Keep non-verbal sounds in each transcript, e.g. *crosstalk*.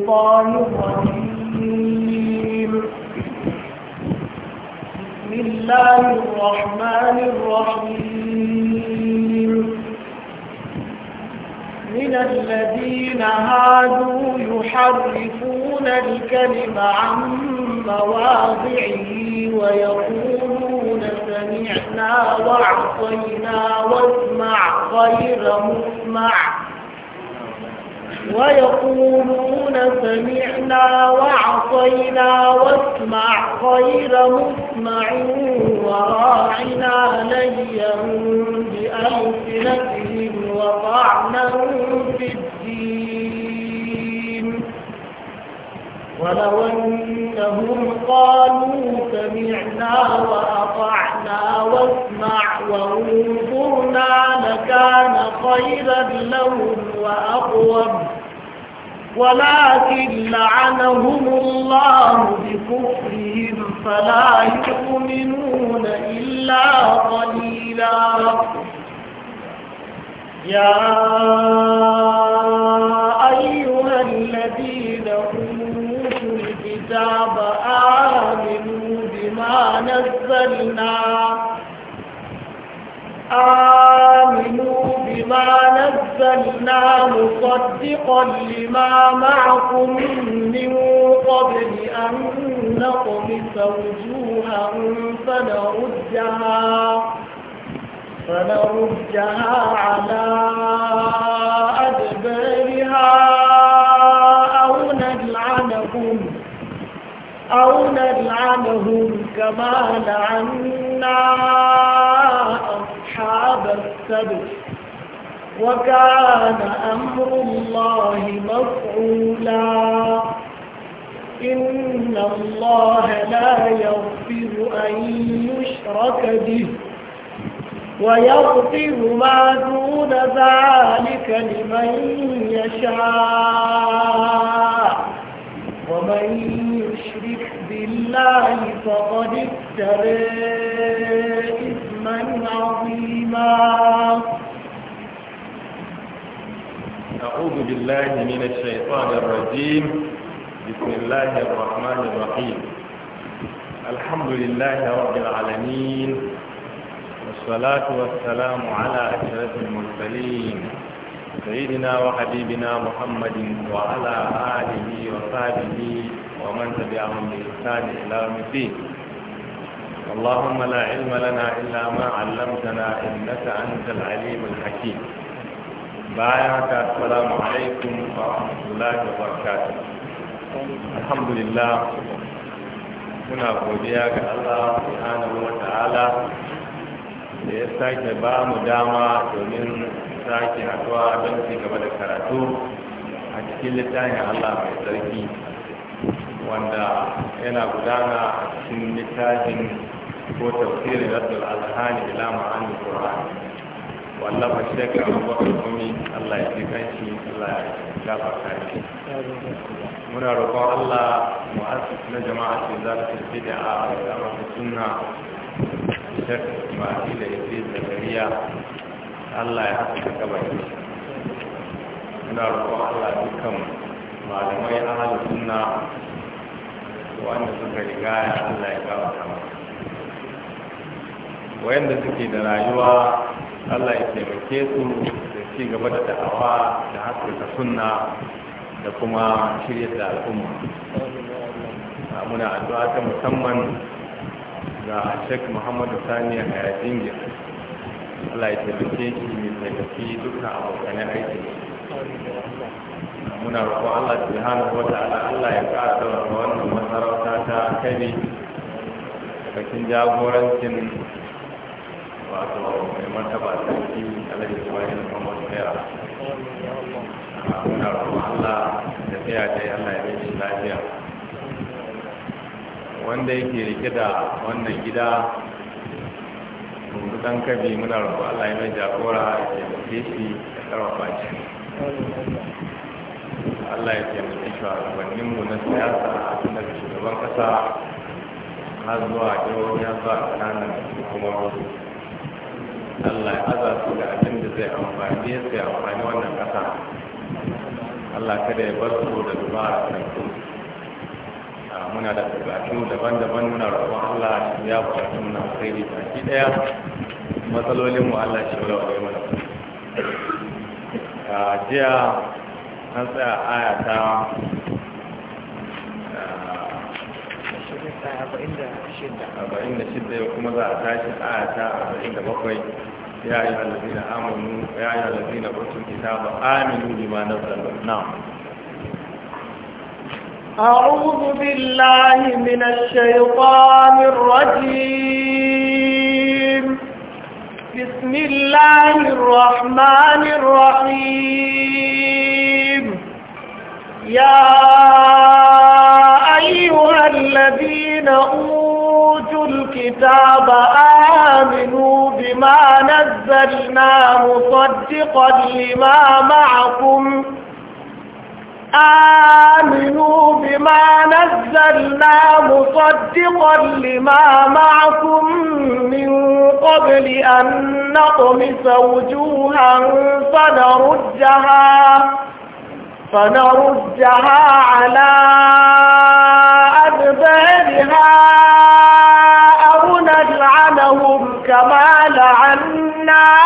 الشيطان الرجيم بسم الله الرحمن الرحيم من الذين هادوا يحرفون الكلم عن مواضعه ويقولون سمعنا وعصينا واسمع غير مسمع ويقولون سمعنا وعصينا واسمع غير مسمع وراعنا ليا بألسنتهم وطعنا في الدين ولو أنهم قالوا سمعنا وأطعنا واسمع وانظرنا لكان خيرا لهم وأقوم ولكن لعنهم الله بكفرهم فلا يؤمنون إلا قليلا يا أيها الذين هم الكتاب آمنوا بما نزلنا آمنوا بما نزلنا مصدقا لما معكم من قبل أن نطمس وجوها فنردها فنردها على أدبار أو نلعنهم كما لعنا أصحاب السبت وكان أمر الله مفعولا إن الله لا يغفر أن يشرك به ويغفر ما دون ذلك لمن يشاء ومن يشرك بالله فقد افترى إثما عظيما أعوذ بالله من الشيطان الرجيم بسم الله الرحمن الرحيم الحمد لله رب العالمين والصلاة والسلام على أشرف المرسلين سيدنا وحبيبنا محمد وعلى آله وصحبه ومن تبعهم بإحسان إلى يوم الدين اللهم لا علم لنا إلا ما علمتنا إنك أنت العليم الحكيم بارك السلام عليكم ورحمة الله وبركاته الحمد لله muna godiya ga Allah subhanahu wa ta'ala da ya sake ba mu dama domin sake haɗuwa don ci gaba da karatu a cikin littafin Allah mai tsarki wanda yana gudana a cikin littafin ko tafsirin raddul alhani ila ma'anin qur'an wallafa shekar abubakar kumi allah ya ji kanshi allah ya gafarta shi muna roƙon allah mu'assis na jama'a ce za ta bid'a a masa sunna shek ma'adi da idris zakariya allah ya haska gabar muna roƙon allah dukkan malamai a ahalin sunna wanda suka riga ya Allah ya kawo kama wayanda suke da rayuwa Allah ya taimake su da ci gaba da da'awa da haskaka sunna da kuma shirya da al'umma muna addu'a ta musamman ga Sheikh Muhammadu Sani a yajin Allah ya taimake shi mai taimaki dukkan abokan aiki muna roƙo Allah subhanahu wa ta'ala Allah ya ƙara dauka wannan masarauta ta kabi bakin jagorancin wato mai martaba sarki alhaji Ismail Muhammad Tsaya muna roƙo Allah da tsaya yi Allah ya rage lafiya wanda yake rike da wannan gida dan kabi muna roƙo Allah ya mai jagora ya taimake shi ya karfafa shi Allah ya taimaki mu na siyasa a tun daga shugaban kasa har zuwa jihohi ya zuwa kuma wasu. Allah ya aza su da abin da zai amfani ya zai amfani wannan kasa Allah kada ya bar su da zuba a kanku muna da bukatu daban-daban muna roƙon Allah ya bukatu muna da shi ɗaya matsalolinmu Allah shi wala wa mana jiya an tsaya aya ta arba'in da shidda yau kuma za a tashi aya ta arba'in da bakwai ya yi halazi na amonu ya yi halazi na batun kitaba aminu lima na zalbar na'am أعوذ بالله من الشيطان الرجيم بسم الله الرحمن الرحيم يا أيها الذين أوتوا الكتاب آمنوا بما نزلنا مصدقا لما معكم آمنوا بما نزلنا مصدقا لما معكم من قبل أن نطمس وجوها فنردها فنردها على أدبارها أو نلعنهم كما لعنا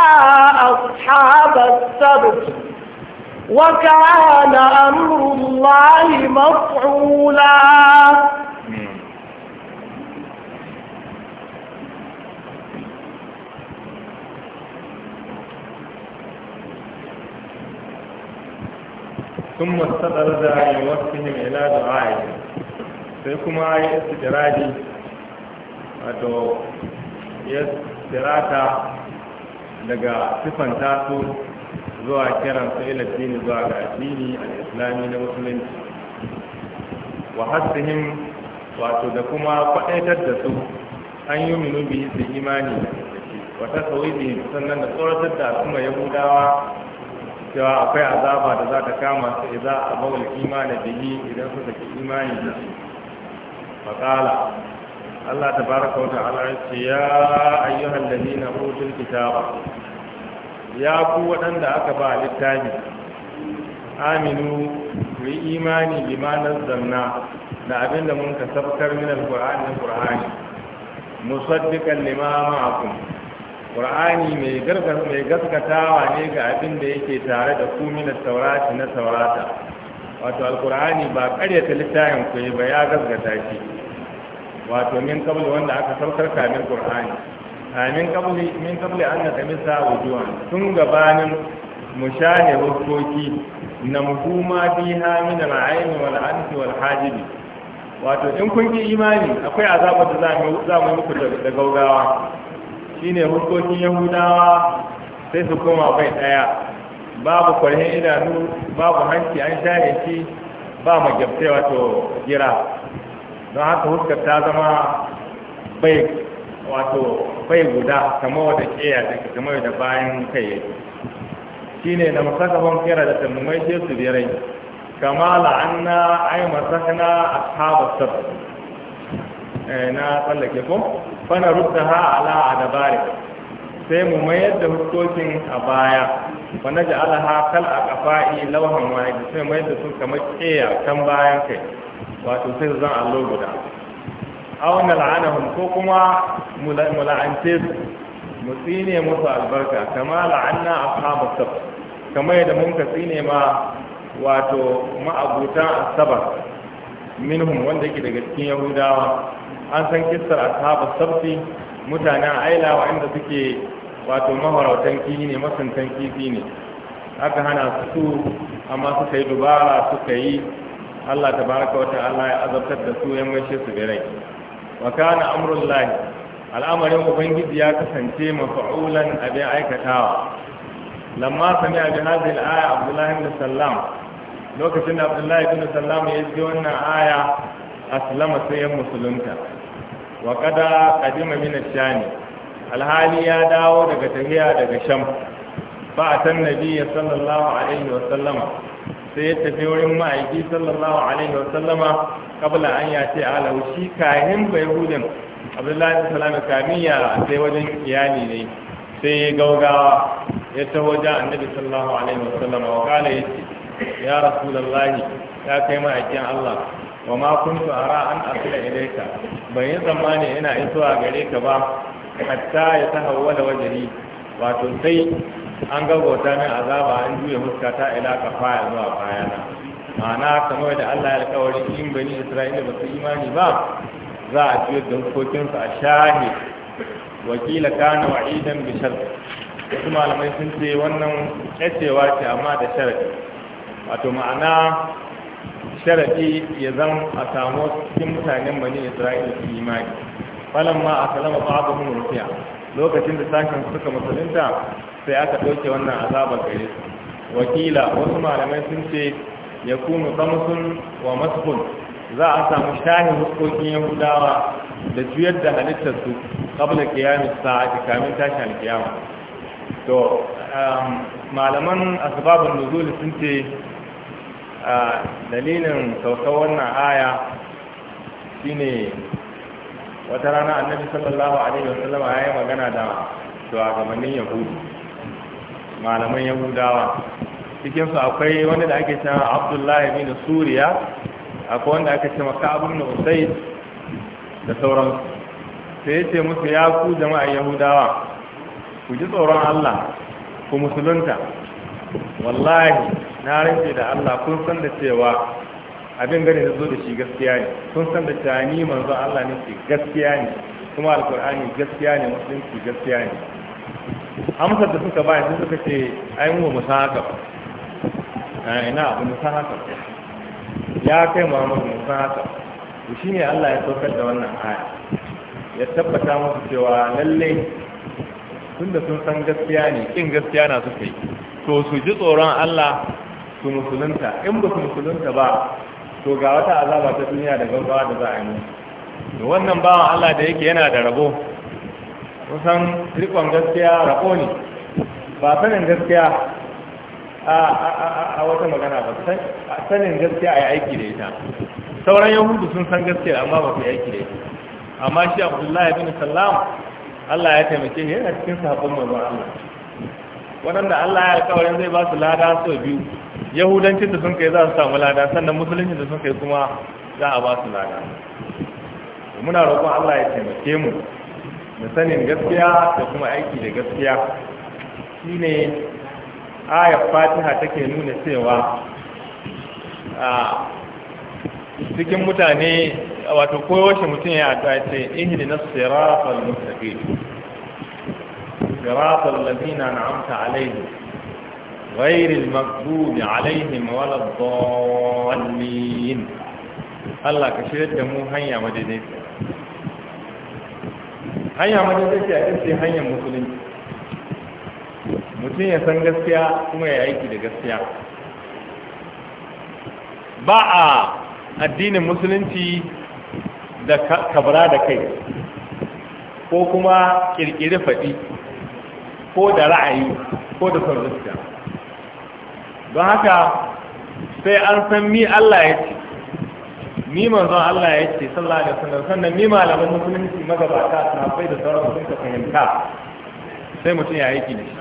أصحاب السبت وكان أمر الله مفعولا sun mastaɗar da yawancin ila du'a'i sai kuma ya istiraji wato ya sirata daga sifanta su zuwa kiran su ila dini zuwa ga addini al-islami na musulunci wa hasihim wato da kuma kwadaitar da su an yi minu bihi su imani da shi wata sauyi sannan da tsoratar da al'umma yahudawa cewa akwai azaba da za ta kama su idza imanin da yi idan suka ki imanin da su. faqala Allah tabaraka kauta alarci ya ce ya ayyuhal ladina kitaba ya ku waɗanda aka ba littafi aminu ku yi imani limanar Zanna da abinda mun ka sabkar min alqur'ani alqur'ani musaddikan limama akwai Ƙur'ani mai gaskatawa ne ga abin da yake tare da ku min taurati na taurata wato Alƙur'ani ba ƙaryata littafin ku ba ya gaskata shi wato min qabli wanda aka saukar kamin qur'ani amin qabli min qabli an natamisa wujuhan tun gabanin mushahe hukoki na muhuma biha min al-ayn wal anf wal hajib wato in kun ki imani akwai azabar da za mu yi muku da gaugawa shine huskokin yahudawa sai su koma bai daya babu kwarhin idanu babu hanci an shaye shi ba magyabtai wato gira don haka huskar ta zama bai wato bai guda kama wata keya da kama da bayan kai yake shine na musakafon kira da tammai shi su birai kama la'anna masakana a ashabas Eh, na tsallake ko fana rudda ha ala a dabari sai mu mayar da huskokin a baya wanda ji ha kal a kafa'i lauhan wani sai mayar da su kamar keya kan bayan kai wato sai zan allo guda awon la'anahum ko kuma mu la'ance su mu tsine musu albarka kama la'anna a ashabu sab kamar yadda mun ka tsine ma wato ma'abutan asabar minhum wanda yake daga cikin yahudawa an san kissar ashabu sabti a aila wa'anda suke wato maharautan kifi ne masuntan kifi ne aka hana su amma suka yi dubara suka yi Allah tabaraka wata Allah ya azabtar da su yan maishe su birai wa kana amrul lahi al'amarin ubangiji ya kasance mafa'ulan abin aikatawa lamma sami abin hadhihi aya Abdullah Sallam lokacin da abdullahi bin sallama ya ji wannan aya aslama sai ya musulunta wa kada qadima min ash-sham alhali ya dawo daga tahiya daga sham ba tan nabiyyi sallallahu alaihi wa sallama sai ya tafi wurin ma'aiki sallallahu alaihi wa sallama kabla an ya ce ala shi kahin bai hudin abdullahi bin sallama kamiya sai wajen iyali ne sai ya gaugawa ya taho da annabi sallallahu alaihi wa sallama wa kala yace ya rasulullahi ya kai ma'aikin Allah wa ma an ara an asila ilaika ban yi zamani ina a gare ka ba hatta ya tahawwala wajhi wato sai an bauta min azaba an juya ta ila faya zuwa na. ma'ana kamar da Allah ya alƙawari in bani Isra'ila ba su imani ba za a ciyo da hukokinsu a shahi wakila kana wa'idan bishar wasu malamai sun ce wannan ƙacewa ce amma da sharadi wato ma'ana sharaɗi ya zan a samu cikin mutanen bani isra'ila su imani falon ma a kalama ba abu mun rufiya lokacin da sashen suka musulunta sai aka ɗauke wannan azabar gare su wakila wasu malamai sun ce ya kunu samsun wa maskun za a samu shahin hukokin yahudawa da juyar da halittar su kabla kiyamis sa'ati kamin tashin alkiyama to um, malaman asbabun nuzul sun ce a dalilin sauka wannan aya shine wata rana annabi sallallahu alaihi ya yi magana da shugabannin yahudu malaman yahudawa cikinsu akwai wanda da ake cewa abdullahi bin suriya akwai wanda aka cewa maka na usai da sauransu sai ce musu ya ku jama'a yahudawa ku ji tsoron allah ku musulunta wallahi na rage da Allah kun san da cewa abin gani da zo da shi gaskiya ne kun san da cewa ni manzon Allah ne ke gaskiya ne kuma alkur'ani gaskiya ne musulunci gaskiya ne amsar da suka bayan sun suka ce ai mu mu san haka eh, ina abu mu haka ya kai Muhammadu mu san haka shi ne Allah ya saukar da wannan aya ya tabbata musu cewa lalle tun da sun san gaskiya ne kin gaskiya na suka yi to su ji tsoron Allah su musulunta in ba su musulunta ba to ga wata azaba ta duniya da gaggawa da za a yi da wannan wa Allah da yake yana da rabo kusan rikon gaskiya rabo ne ba sanin gaskiya a a wata magana ba sanin gaskiya a yi aiki da ita sauran yahudu sun san gaskiya amma ba su yi aiki da ita amma shi abdullahi bin salam Allah ya taimake shi yana cikin sahabban manzon Allah waɗanda Allah ya alƙawarin zai ba su lada so biyu yahudancin da sun kai za su samu lada sannan musulunci da sun kai kuma za a ba su lada muna roƙon Allah ya taimake mu Da sanin gaskiya da kuma aiki da gaskiya shine ayar fatiha take nuna cewa a cikin mutane wato koyaushe mutum ya addu'a ce ihdinas rafa mustaqim siratal na amsa alaihi غير المغضوب عليهم ولا الضالين الله كشير دمو هيا مددت هيا مددت يا إنسي هيا مسلم mutum ya san gaskiya kuma ya aiki da gaskiya ba a addinin musulunci da kabara da kai ko kuma kirkiri faɗi ko da ra'ayi ko da son zuciya don haka sai an san mi Allah ya ce mi manzon Allah ya ce sallah da sanar sannan mi malaman musulunci magabata na fai da sauran sun ka fahimta sai mutum ya aiki da shi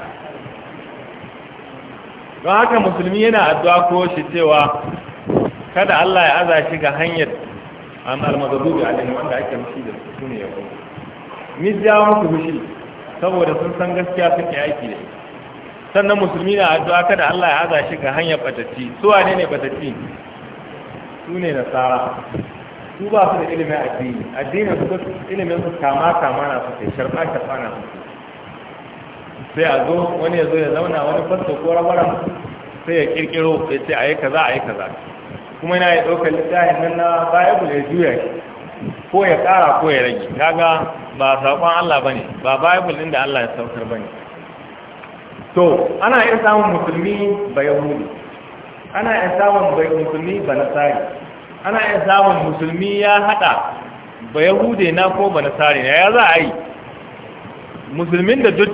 don haka musulmi yana addu'a ko shi cewa kada Allah ya aza shi ga hanyar an da alaihi wanda ake mishi da su ne yau ni jawo musu fushi saboda sun san gaskiya suke aiki da shi sannan musulmi na addu'a kada Allah ya haza shi ga hanyar batatti su wane ne batatti su ne nasara su ba su da ilimin addini addinin su ilimin su kama kama na su kai sharfa sharfa na su sai a zo wani ya zo ya zauna wani fasta ko rabaran sai ya kirkiro ya ce a yi kaza a yi kaza kuma yana ya ɗaukar littafin nan na bible ya juya ko ya ƙara ko ya rage kaga ba saƙon Allah ba ne, ba bible ɗin da Allah ya saukar ne. to ana iya samun musulmi ba yahudi ana iya samun musulmi ba nasari ana iya samun musulmi ya hada ba yahudi na ko ba nasari na ya za a yi musulmin da duk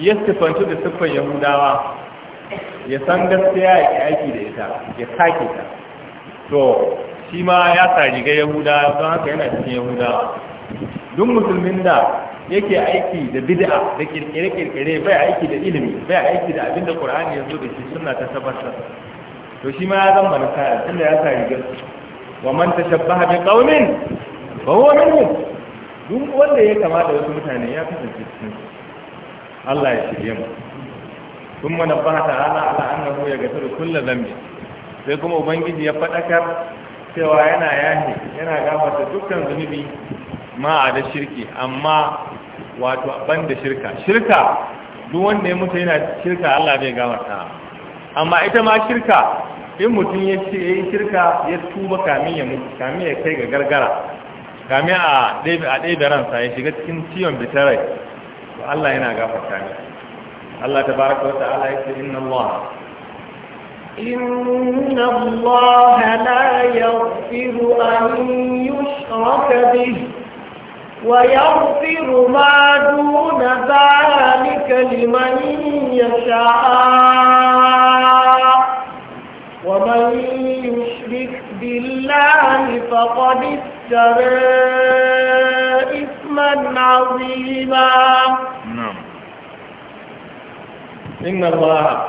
ya sifantu da siffar yahudawa ya san gaskiya ya aiki da ita ya sake ta to shi ma ya sarigar yahudawa don haka yana cikin yahudawa duk musulmin da yake aiki da bid'a da kirkire-kirkire bai aiki da ilimi bai aiki da abin da qur'ani ya zo da shi suna ta tabbatar to shi ma ya zama na kaya tunda ya sa rigar wa man tashabbaha bi ƙaunin ba huwa mu. duk wanda ya kama da wasu mutane ya kasance cikin Allah ya shirye mu kun mana ba ta ala ala annahu ya gafiru kulla dhanbi sai kuma ubangiji ya fadakar cewa yana yahi yana gafarta dukkan zunubi ma a da shirki amma wato ban da shirka shirka duk wanda ya mutu yana shirka Allah bai gafarta amma ita ma shirka in mutum ya ce yayi shirka ya tuba kamin ya mutu kamin ya kai ga gargara kamin a ɗebe a dai ransa ya shiga cikin ciwon bitarai to Allah yana gafarta ne Allah tabaraka wa ta'ala ya ce inna Allah إن الله لا يغفر أن يشرك به ويغفر ما دون ذلك لمن يشاء ومن يشرك بالله فقد افترى إثما عظيما نعم إن الله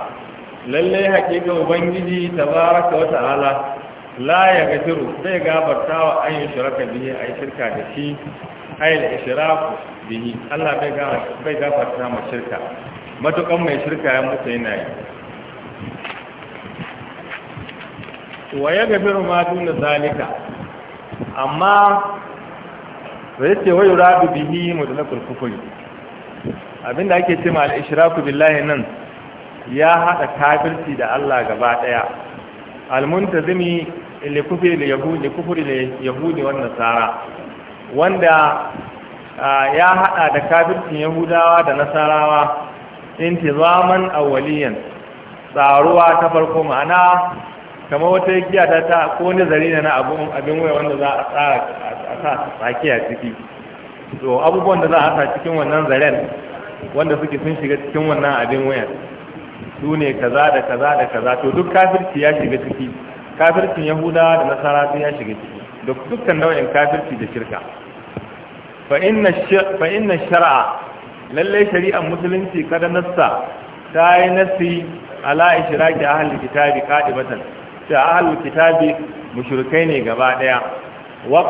lallai haƙiƙa ubangiji tabaraka wa ta'ala la ya gafiru zai gafarta wa an yi shirka bihi a shirka da shi haila israfu bihi Allah bai ga bai gafarta mu shirka matukan mai shirka ya mutu yana yi wa ya gafiru ma dun zalika amma da yace wa yuradu bihi mutlaqul kufri abinda ake cewa al israfu billahi nan ya hada kafirci da Allah gaba daya al-muntazimi li kufri li yahudi kufri li yahudi wan nasara wanda ya hada da kafircin yahudawa da nasarawa intizaman awwaliyan tsaruwa ta farko ma'ana kamar wata giya ta ta ko nazari na abin waya wanda za a tsara a sa a ciki to abubuwan da za a sa cikin wannan zaren wanda suke sun shiga cikin wannan abin waya, su ne kaza da kaza da kaza to duk kafirci ya shiga ciki kafircin yahudawa da nasara sun ya shiga ciki duk dukkan nau'in kafirci da shirka fa inna shari'a lallai shari'ar musulunci kada nassa ta yi nassi ala a halin kitabi qadibatan ta halin kitabi mushrikai ne gaba daya wa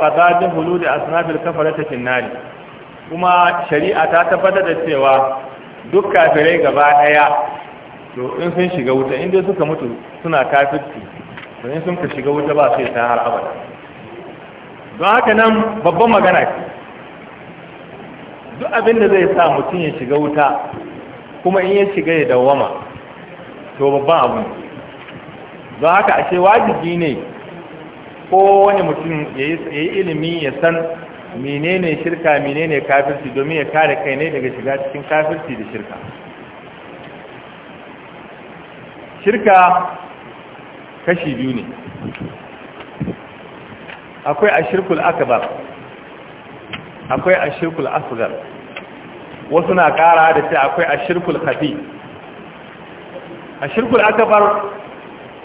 hulu da asnabil kafar ta finnari kuma shari'a ta tabbatar da cewa duk kafirai gaba ɗaya, to in sun shiga wuta inda suka mutu suna kafirci to sun shiga wuta ba sai ta har abada don haka nan babban magana ce duk abin da zai sa mutum ya shiga wuta kuma in ya shiga ya dawama to babban abu don haka ashe wajibi ne ko wani mutum ya yi ilimi ya san menene shirka menene kafirci domin ya kare kai ne daga shiga cikin kafirci da shirka shirka kashi biyu ne akwai a shirkul akbar akwai ashirkul asugar, wasu na kara da ce akwai ashirkul khafi ashirkul akbar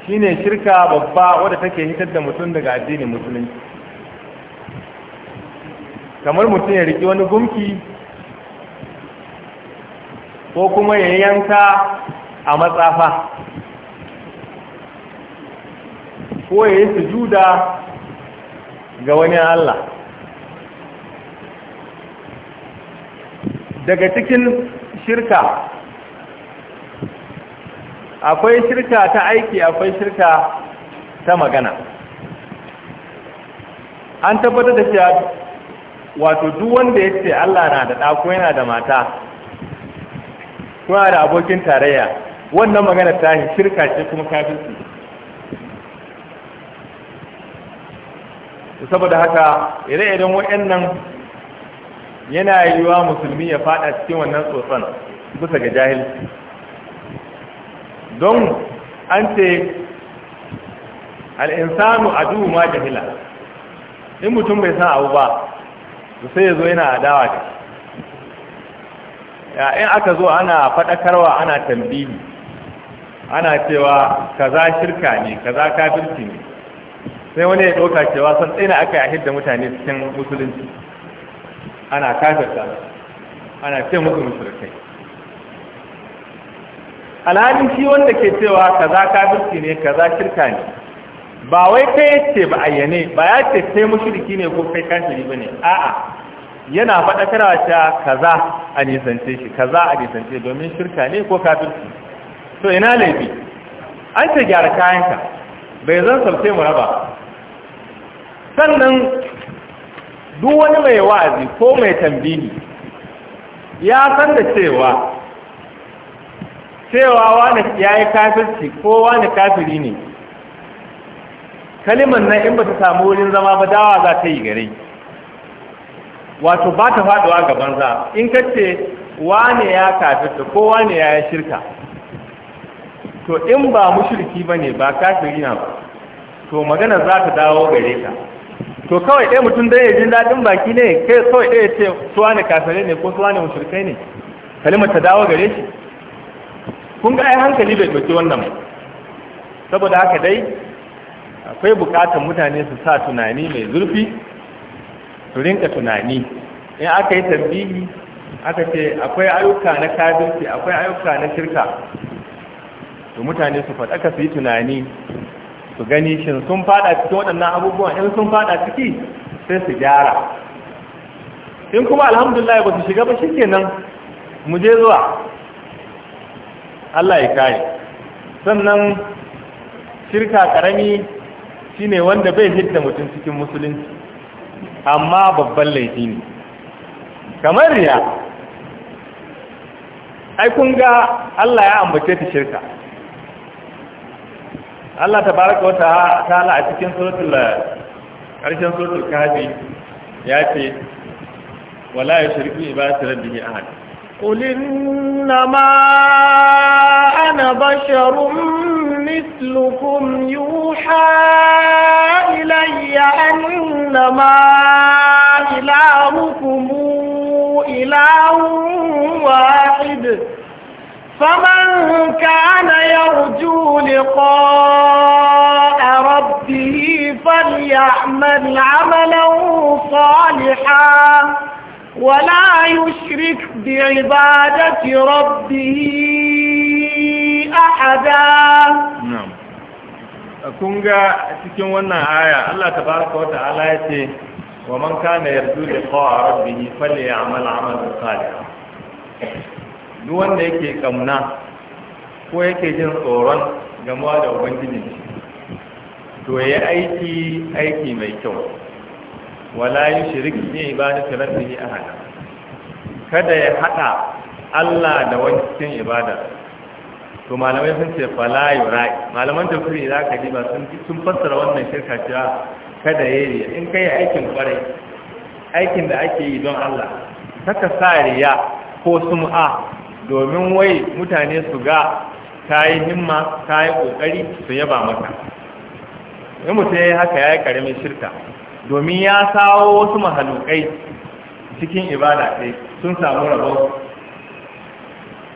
shine shirka babba wadda take hitar da mutum daga addinin musulunci kamar mutum ya riki wani gumki ko kuma ya yanka a matsafa ko ya yi sujuda ga wani Allah daga cikin shirka akwai shirka ta aiki akwai shirka ta magana an tabbatar da cewa wato duk wanda ya ce Allah na da ɗako yana da mata kuma da abokin tarayya wannan magana ta shirka ce kuma kafirci saboda haka ire-iren waɗannan yana wa musulmi ya fada cikin wannan tsotson bisa ga jahil don an ce al'insanu a duhu ma jahila in mutum bai san abu ba sai ya zo yana adawa ta. ya’in aka zo ana faɗakarwa ana tambihi ana cewa kaza shirka ne kaza kafirci ne sai wani ya ɗauka cewa san tsina aka yi a hidda mutane cikin musulunci ana kafirta ana ce musu musulkai alhalin shi wanda ke cewa kaza kafirci ne kaza shirka ne ba wai kai ce ba ayyane ba ya ce sai mushriki ne ko kai kafiri bane a'a yana faɗakarwa ta kaza a nisance shi kaza a nisance domin shirka ne ko kafirci to ina laifi an ce gyara kayanka bai zan sauke mu raba sannan duk wani mai wa'azi ko mai tambini ya san da cewa cewa wani ya yi kafirci ko wani kafiri ne kalimar nan in ba ta samu wurin zama ba dawa za ta yi gare wato ba ta faɗuwa gaban za in ka ce wane ya kafirta ko wani ya yi shirka to in ba mushirki ba ne ba kafiri na ba to magana za ta dawo gare ka to kawai ɗaya mutum dai ya ji daɗin baki ne kai kawai ɗaya ce suwa ne kafirai ne ko suwa ne mushrikai ne kalima ta dawo gare shi kun ga ai hankali bai ɗauki wannan saboda haka dai akwai bukatar mutane su sa tunani mai zurfi su rinka tunani in aka yi tambihi aka ce akwai ayyuka na kafirci akwai ayyuka na shirka to mutane su faɗaka su yi tunani su gani shi sun fada cikin waɗannan abubuwan in sun fada ciki sai su gyara in kuma alhamdulillah ba su shiga ba shikenan mu je zuwa Allah ya kai sannan shirka karami shine wanda bai hidda mutum cikin musulunci amma babban laifi ne kamar riya ai kun ga Allah ya ambace ta shirka Allah ta wa ta'ala a cikin suratul karshen suratul kahfi ya ce wala yushriku ibadatu rabbihi ahad qul inna قل إنما أنا بشر مثلكم يوحى anna ma ilahukum ilahun wahid فمن كان يرجو لقاء ربه فليعمل عملا صالحا ولا يشرك بعبادة ربه أحدا نعم كنغا تكون ونا آية الله تبارك وتعالى يتي ومن كان يرجو لقاء ربه فليعمل عملا صالحا duk wanda yake kamna ko yake jin tsoron gamuwa da ubangijin to ya aiki aiki mai kyau wala yi shirik ne ibadatu rabbihi ahada kada ya hada Allah da wani cikin ibada to malamai sun ce fala rai. malaman kuri za ka ji ba sun fassara wannan shirka cewa kada ya yi in kai aikin kwarai aikin da ake yi don Allah saka sa riya ko sum'a domin wai mutane su ga ta yi himma ta yi ƙoƙari su yaba maka. in mutum ya yi haka ya yi ƙaramin shirka domin ya sawo wasu mahalukai cikin ibada ɗai sun samu rabon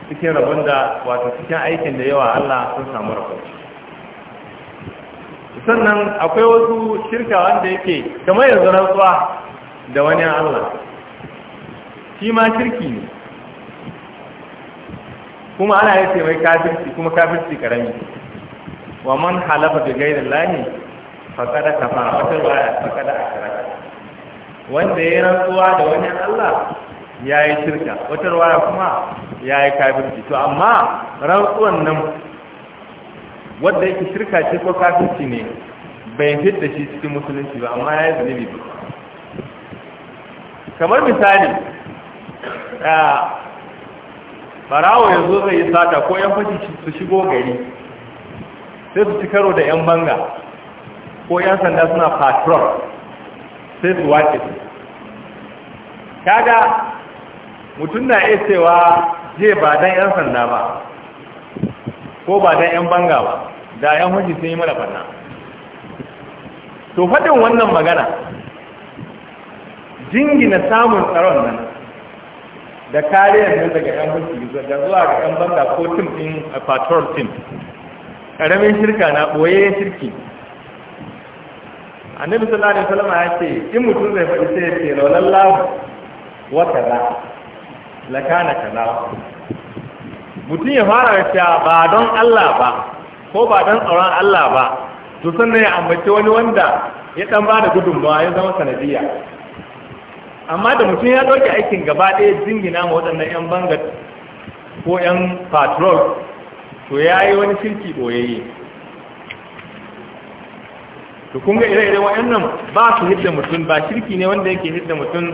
cikin rabon da wata cikin aikin da yawa Allah sun samu rabon sannan akwai wasu shirka wanda yake kamar yanzu rantsuwa da wani Allah shi ma shirki ne kuma ana yace mai kafirci kuma kafirci karami wa man halafa bi ghairi llahi faqad kafara wata riwaya faqad akara wanda ya rantsuwa da wani Allah ya yi shirka wata ruwaya kuma ya yi kafirci to amma rantsuwan nan wanda yake shirka ce ko kafirci ne bai fidda shi cikin musulunci ba amma ya yi zunubi ba kamar misali ah, barawo ya zo zai yi sata ko yan fashi su shigo gari sai su ci karo da yan banga ko yan sanda suna patron sai su wace su kaga mutum na iya cewa je ba dan yan sanda ba ko ba dan yan banga ba da yan fashi sun yi mara barna to faɗin wannan magana jingina samun tsaron nan da kariyar nan daga yan hulki da zuwa ga yan banga ko tim din patrol tim karamin shirka na boye shirki annabi sallallahu alaihi wasallam ya ce in mutum zai faɗi sai ya ce laulallahu wa kaza la kana kaza mutum ya fara cewa ba don Allah ba ko ba don tsaron Allah ba to sannan ya ambaci wani wanda ya dan ba da gudunmawa ya zama sanadiyya amma da mutum ya ɗauke aikin gaba ɗaya jingina ma waɗannan 'yan banga ko 'yan patrol to ya yi wani shirki ɓoyayye to kun ga ire-ire waɗannan ba su hidda mutum ba shirki ne wanda yake hidda mutum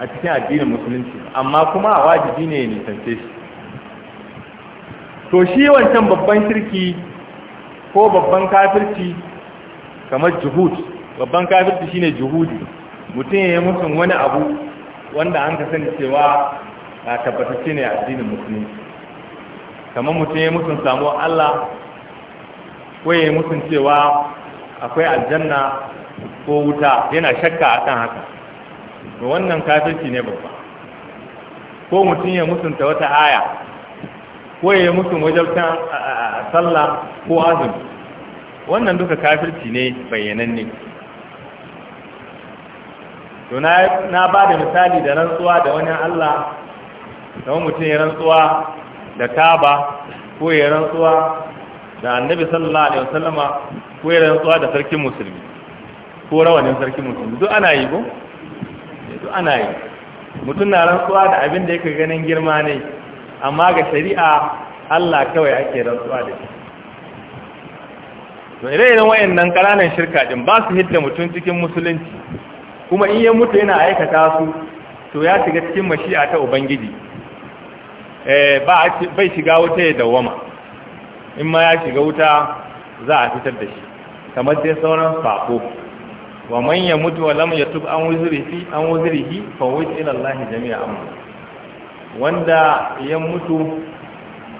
a cikin addinin musulunci amma kuma a wajibi ne ya nisance shi to shi wancan babban shirki ko babban kafirci kamar juhud babban kafirci shine juhudi mutum ya mutum wani abu wanda an ka sani cewa a tabbatacce ne a addinin musulunci kamar mutum ya mutum samu Allah ko ya mutum cewa akwai aljanna ko wuta yana shakka a kan haka to wannan kafirci ne babba ko mutum ya ta wata aya ko ya mutum wajabtan sallah ko azumi wannan duka kafirci ne bayyananne to na ba da misali da rantsuwa da wani Allah da wani mutum ya rantsuwa da kaba ko ya rantsuwa da annabi sallallahu alaihi wasallama ko ya rantsuwa da sarkin musulmi ko rawanin sarkin musulmi duk ana yi ko duk ana yi mutum na rantsuwa da abin da yake ganin girma ne amma ga shari'a Allah kawai ake rantsuwa da shi to idan iren wayannan ƙananan shirka din ba su hidda mutum cikin musulunci kuma in ya mutu yana aikata su to ya shiga cikin mashi'a ta ubangiji eh, bai shiga wuta ya dawama in ma ya shiga wuta za a fitar da shi kamar sai sauran fako wa man mutu wa lam yatub an wuzrihi an wuzrihi fa wuj ila Allah jami'a amma wanda ya mutu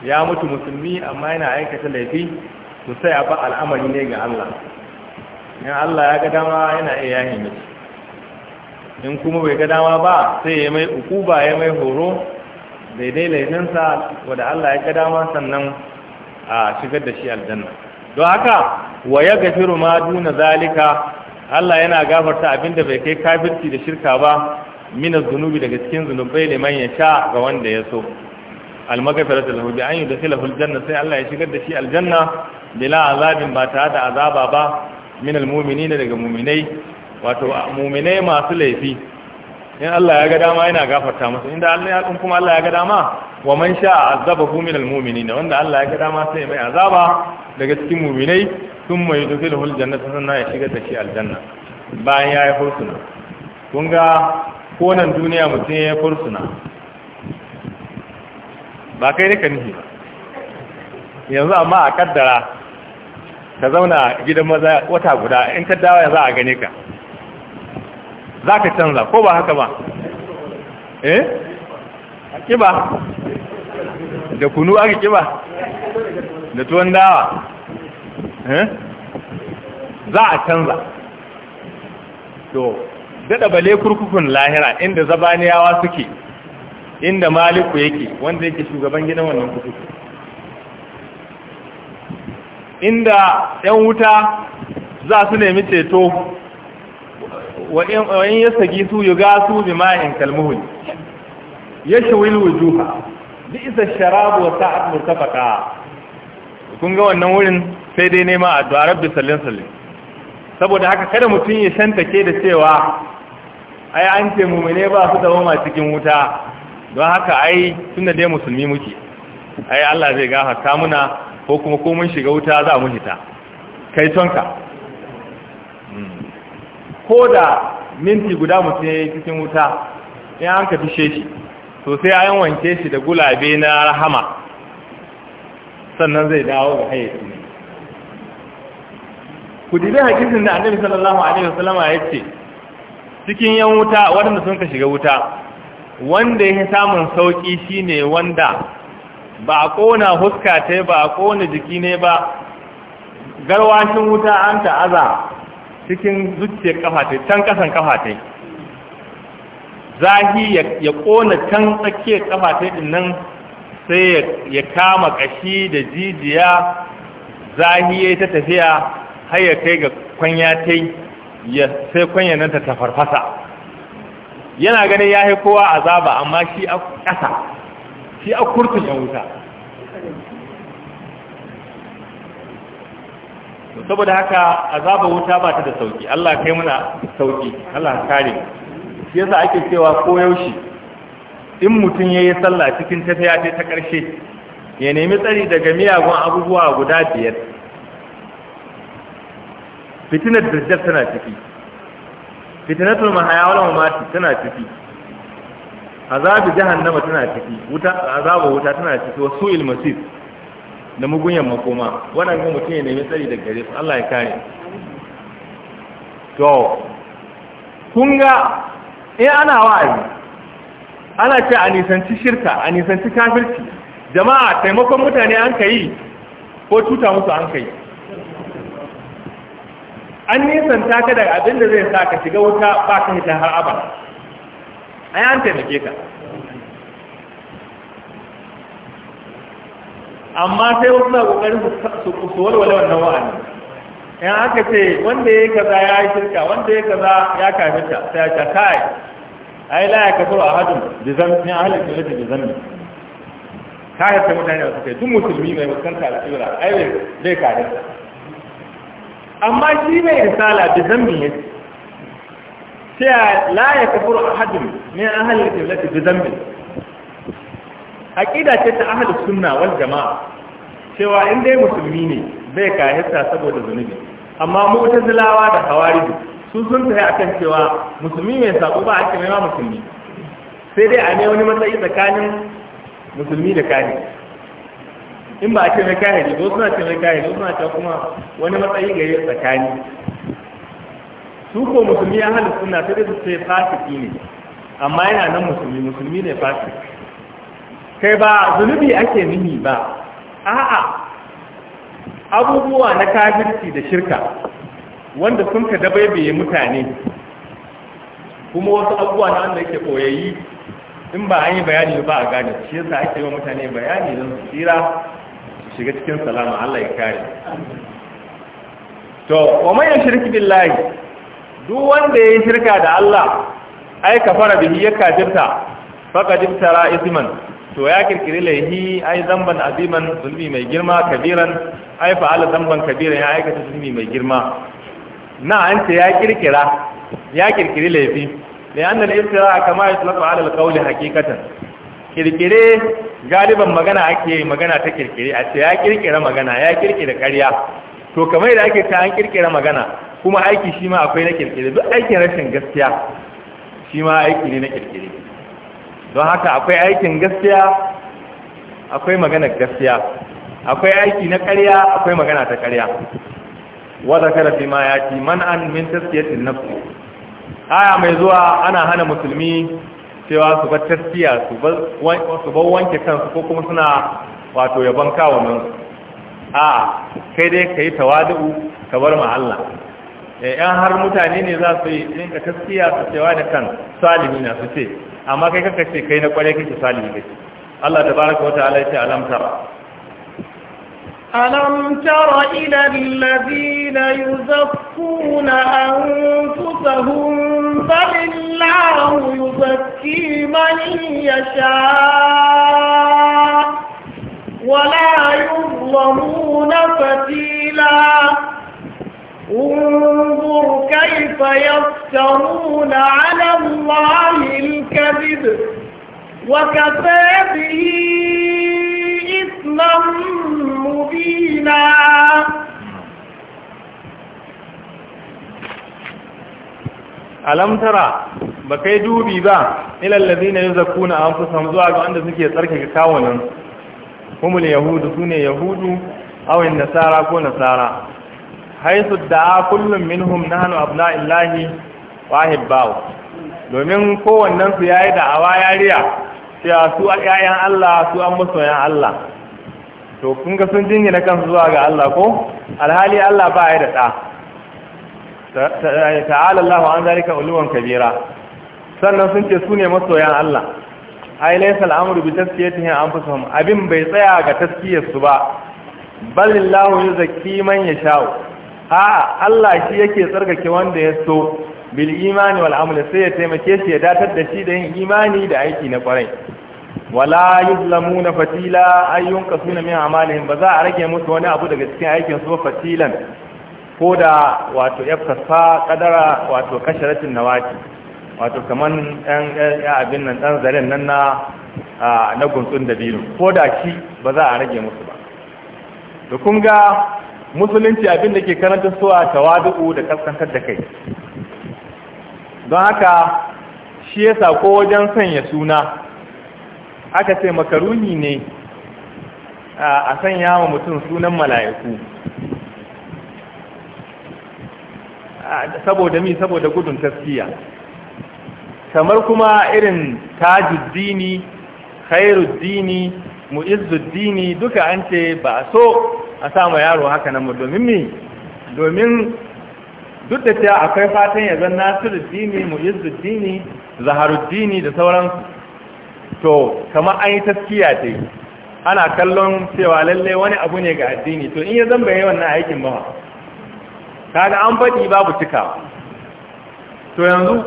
ya mutu musulmi amma yana aikata laifi to sai a ba al'amari ne ga Allah in Allah ya ga dama yana iya yin mishi in kuma bai ga dama ba sai ya mai ukuba ya mai horo daidai laifinsa wadda Allah ya ga dama sannan a shigar da shi aljanna don haka wa ya gafiru ma duna zalika Allah yana gafarta abinda bai kai kafirci da shirka ba min zunubi daga cikin zunubai liman ya sha ga wanda ya so almagafara da lahubi an yi da janna sai Allah ya shigar da shi aljanna bila azabin ba tare da azaba ba min almumini daga muminai wato mu'mine masu laifi in Allah ya ga dama yana gafarta musu inda Allah ya kuma Allah ya ga dama wa man sha'a azabahu min almu'minin wanda Allah ya ga dama sai mai azaba daga cikin mu'minai thumma yudkhiluhu jannata sannan ya shiga da shi aljanna bayan ya yi fursuna kun ga konan duniya mutum ya yi fursuna ba kai ne ka nihi ba yanzu amma a kaddara ka zauna gidan maza wata guda in ka dawo ya za a gane ka za ka canza ko ba haka ba eh kiba da kunu aka kiba da tuwon dawa eh za a canza to dada bale kurkukun lahira inda zabaniyawa suke inda maliku yake wanda yake shugaban gidan wannan kurkuku inda 'yan wuta za su nemi ceto wa in yasagi su yugasu bima'in kalmuhul yashwil wujuha bi'sa sharabu wa sa'at murtafaqa kun ga wannan wurin sai dai nema a duwarar bisallin sallin saboda haka kada mutum ya ke da cewa ai an ce mummune ba su dawoma cikin wuta don haka ai tun da dai musulmi muke ai Allah zai gafarta muna ko kuma ko mun shiga wuta za mu hita kai tonka ko da minti guda mutum ya yi cikin wuta in an ka fishe shi to sai an wanke shi da gulabe na rahama sannan zai dawo ga hayyaci ne ku dibi hakikin da annabi sallallahu alaihi wasallama ya ce cikin yan wuta waɗanda sun ka shiga wuta wanda ya samun sauƙi shine wanda ba a ƙona huska ta ba a kona jiki ne ba garwashin wuta an ta'aza cikin zuciyar kafa ta can kasan kafa zahi ya kona can tsakiyar kafa ta din nan sai ya kama kashi da jijiya zahi ya ta tafiya har ya kai ga kwanya ta ya sai kwanya nan ta tafarfasa yana ganin ya kowa azaba amma shi a ƙasa shi a kurtun yawuta wuta saboda haka azaba wuta ba ta da sauki Allah kai muna sauki Allah kare shi yasa ake cewa ko yaushe in mutum yayi sallah cikin tafiya ce ta karshe ya nemi tsari daga miyagun abubuwa guda biyar fitinar dajjal tana ciki fitinatul mahaya wal mamati tana ciki azabu jahannama tana ciki wuta azabu wuta tana ciki wasu ilmasir da mugunyan makoma wannan kuma mutum ya nemi tsari daga gare su Allah ya kare to kun ga in ana wa'azi ana ce a nisanci shirka a nisanci kafirci jama'a taimakon mutane an kai ko tuta musu an kai an nisanta ka daga abin da zai sa ka shiga wuta ba ka hita har abada ai an taimake ka amma sai wasu na kokari su walwale wannan wa'ani Yan aka ce wanda ya kaza ya yi shirka wanda ya kaza ya ta sai ya ce kai ai la ya kafaru ahadun bi zambi da sunnah bi zambi kayar ta mutane wasu kai yi duk musulmi mai fuskanta tsira ai bai zai kare ta amma shi mai risala da zambin ya ce la ya kafar a ne Ni a halin da zambin aƙida ce ta ahalus sunna wal jama'a cewa in dai musulmi ne bai kahirta saboda zunubi amma mu'tazilawa da hawaridu su sun tafi akan cewa musulmi mai sako ba ake mai musulmi sai dai a ne wani matsayi tsakanin musulmi da kani in ba a ce mai kahiri ba suna ce mai kahiri ba suna ce kuma wani matsayi gari tsakani su ko musulmi ahalus sunna sai dai su ce fasiki ne amma yana nan musulmi musulmi ne fasiki kai ba zunubi ake nihi ba a'a abubuwa na kafirci da shirka wanda sun ka dabaibaye mutane kuma wasu abubuwa na wanda yake koyayi in ba an yi bayani ba a gane shi yasa ake yi wa mutane bayani don su tsira su shiga cikin salama Allah ya kare to wa man shirki billahi duk wanda yayi shirka da Allah ai kafara bihi ya kafirta faqad ibtara isman to ya kirkiri laihi ai zamban aziman zulmi mai girma kabiran ai fa'ala zamban kabiran ya aikata zulmi mai girma na an ce ya kirkira ya kirkiri laifi da yana da iftira kama ya tulafa ala alƙauli hakikatan kirkire galiban magana ake magana ta kirkire a ce ya kirkira magana ya kirkira ƙarya to kamar da ake ta an kirkira magana kuma aiki shi ma akwai na kirkire duk aikin rashin gaskiya shi ma aiki ne na kirkire don haka akwai aikin gaskiya akwai maganar gaskiya akwai aiki na ƙarya akwai magana ta ƙarya Wata kada fi ma ya ci man an min taskiyatin nafsu aya mai zuwa ana hana musulmi cewa su bar taskiya su bar wanke kansu ko kuma suna wato yaban kawunan a kai dai ka yi tawadu ka bar ma yan eh, har mutane ne za su yi ɗinka taskiya su cewa da kan salimi na su ce amma kai kaka ce kai na kwarai kake salihi kake Allah tabaraka wa ta'ala yace alam tara alam tara ila alladhina yuzakkuna anfusahum bal illahu yuzakki man yasha ولا يظلمون Fatila. انظر كيف يفترون على الله الكذب وكفى به إثما مبينا alam tara ba kai dubi ba ilal ladina yuzakuna anfusahum zuwa ga wanda suke tsarkake kawunan humul yahudu sune yahudu aw nasara ko nasara haisu da kullum minhum nahnu abna'illahi wa ahibba'u domin kowannen su yayi da'awa yariya cewa su ƴaƴan Allah su an masoyan Allah to kun ga sun jingina kansu zuwa ga Allah ko alhali Allah ba ya da ɗa ta'ala Allah an zalika uluwan kabira sannan sun ce su ne masoyan Allah ai laysa al'amru bi taskiyatihim anfusuhum abin bai tsaya ga taskiyar su ba balillahu yuzakki man yasha'u ha Allah shi yake tsarkake wanda ya so bil imani wal amali sai ya taimake shi ya datar da shi da yin imani da aiki na kwarai wala yuzlamuna fatila ayyun kasuna min amalihim ba za a rage musu wani abu daga cikin aikin su fatilan ko da wato yafsa kadara wato kasharatin nawati wato kaman ɗan ya abin nan ɗan zaren nan na na guntsun da ko da shi ba za a rage musu ba to kun ga musulunci abin da ke karanta suwa tawadu'u da kaskantar da kai don haka shi ya ko wajen sanya suna aka ce makaruni ne a sanya wa mutum sunan mala'iku saboda mi saboda gudun taskiya kamar kuma irin tajuddini khairuddini mu'izzuddini duka an ce ba so a sa yaro haka nan domin mi domin duk da cewa akwai fatan ya zan nasiruddini mu'izzuddini zaharuddini da su, to kamar an yi taskiya ce ana kallon cewa lallai wani abu ne ga addini to in ya zan bai wannan aikin ba kaga an faɗi babu cika to yanzu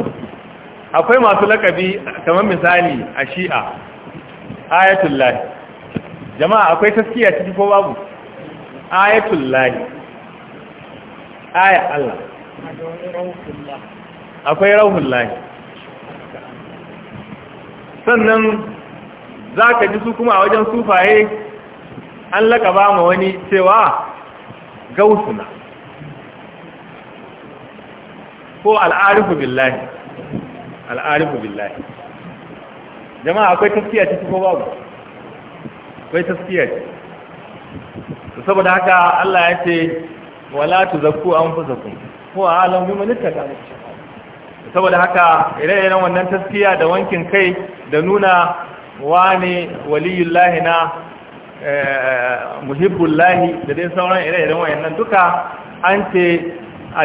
akwai masu lakabi kamar misali a shi'a ayatul jama'a akwai taskiya ciki ko babu ayatul lahi aya Allah akwai rauhun lahi sannan za ka ji su kuma a wajen sufaye an lakaba ma wani cewa gausuna ko al'arifu billahi al'arifu billahi jama'a akwai taskiya ta ko babu akwai taskiya ciki to saboda haka Allah ya ce wala tuzakku anfusakum huwa a'lamu biman ittaqa saboda haka ire-iren wannan taskiya da wankin kai da nuna wani waliyullahi na eh, muhibbullahi da dai sauran ire-iren wayannan duka an ce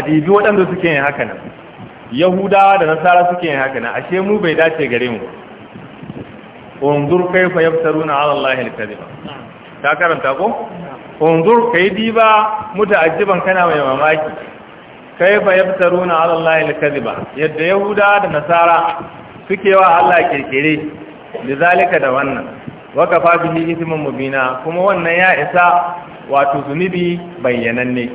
adibi waɗanda suke yin haka nan yahudawa da nasara suke yin haka nan ashe mu bai dace gare mu unzur fa yaftaruna ala allahi alkadiba ta karanta ko unzur kai diba muta'ajjiban kana mai mamaki kaifa Allah ala allahi alkaziba yadda yahuda da nasara suke wa Allah kirkire lizalika da wannan wa bihi ithman mubina kuma wannan ya isa wato zunubi bayyananne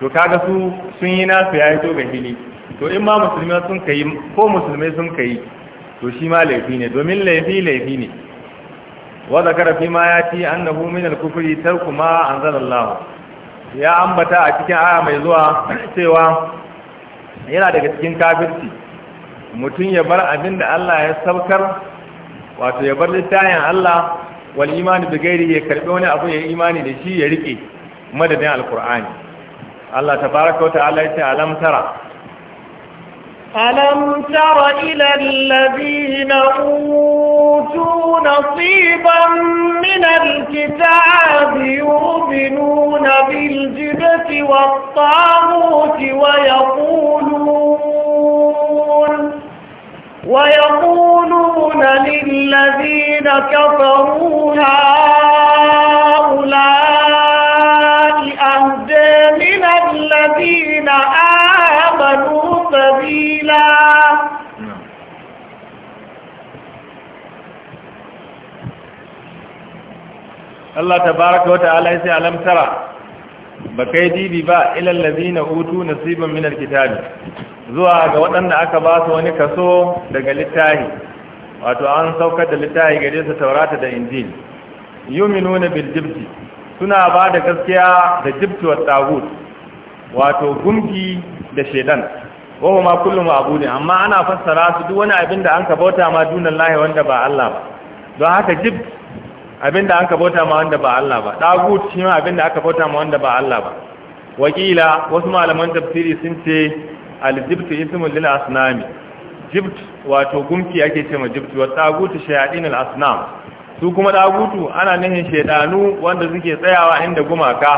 to kaga su sun yi nasu ya hito ga hili to in ma musulmai sun kai ko musulmai sun kai to shi ma laifi ne domin laifi laifi ne Waza zakara fi ma yati annahu min al-kufri tarku ma anzalallahu ya ambata a cikin aya mai zuwa *clears throat* cewa yana daga cikin kafirci mutum ya bar abin da Allah ya saukar wato ya bar littafin Allah wal imani da gairi ya karbi wani abu ya imani da shi ya rike madadin alkur'ani Allah tabaraka wa ta'ala ya ce alam tara ألم تر إلى الذين أوتوا نصيبا من الكتاب يؤمنون بالجبة والطاغوت ويقولون ويقولون للذين كفروا هؤلاء الذين آمنوا سبيلا Allah tabaraka wa ta'ala yace alam tara bakai dibi ba ilal ladina hutu nasiban zuwa ga waɗanda aka ba su wani kaso daga littahi wato an saukar da littahi gare su taurata da injil yuminuna bil jibti suna ba da gaskiya da jibti wa tagut wato gumki da shedan wa ma kullum ne, amma ana fassara su duk wani abin da an ka bauta ma dunan lahi wanda ba Allah ba don haka jib abin da an ka bauta ma wanda ba Allah ba dagut shi ma abin da aka bauta ma wanda ba Allah ba wakila wasu malaman tafsiri sun ce aljibtu ismun lil asnam jibt wato gumki ake ce ma jibt wa dagut shayadin al asnam su kuma dagutu ana nihin shedanu wanda suke tsayawa inda gumaka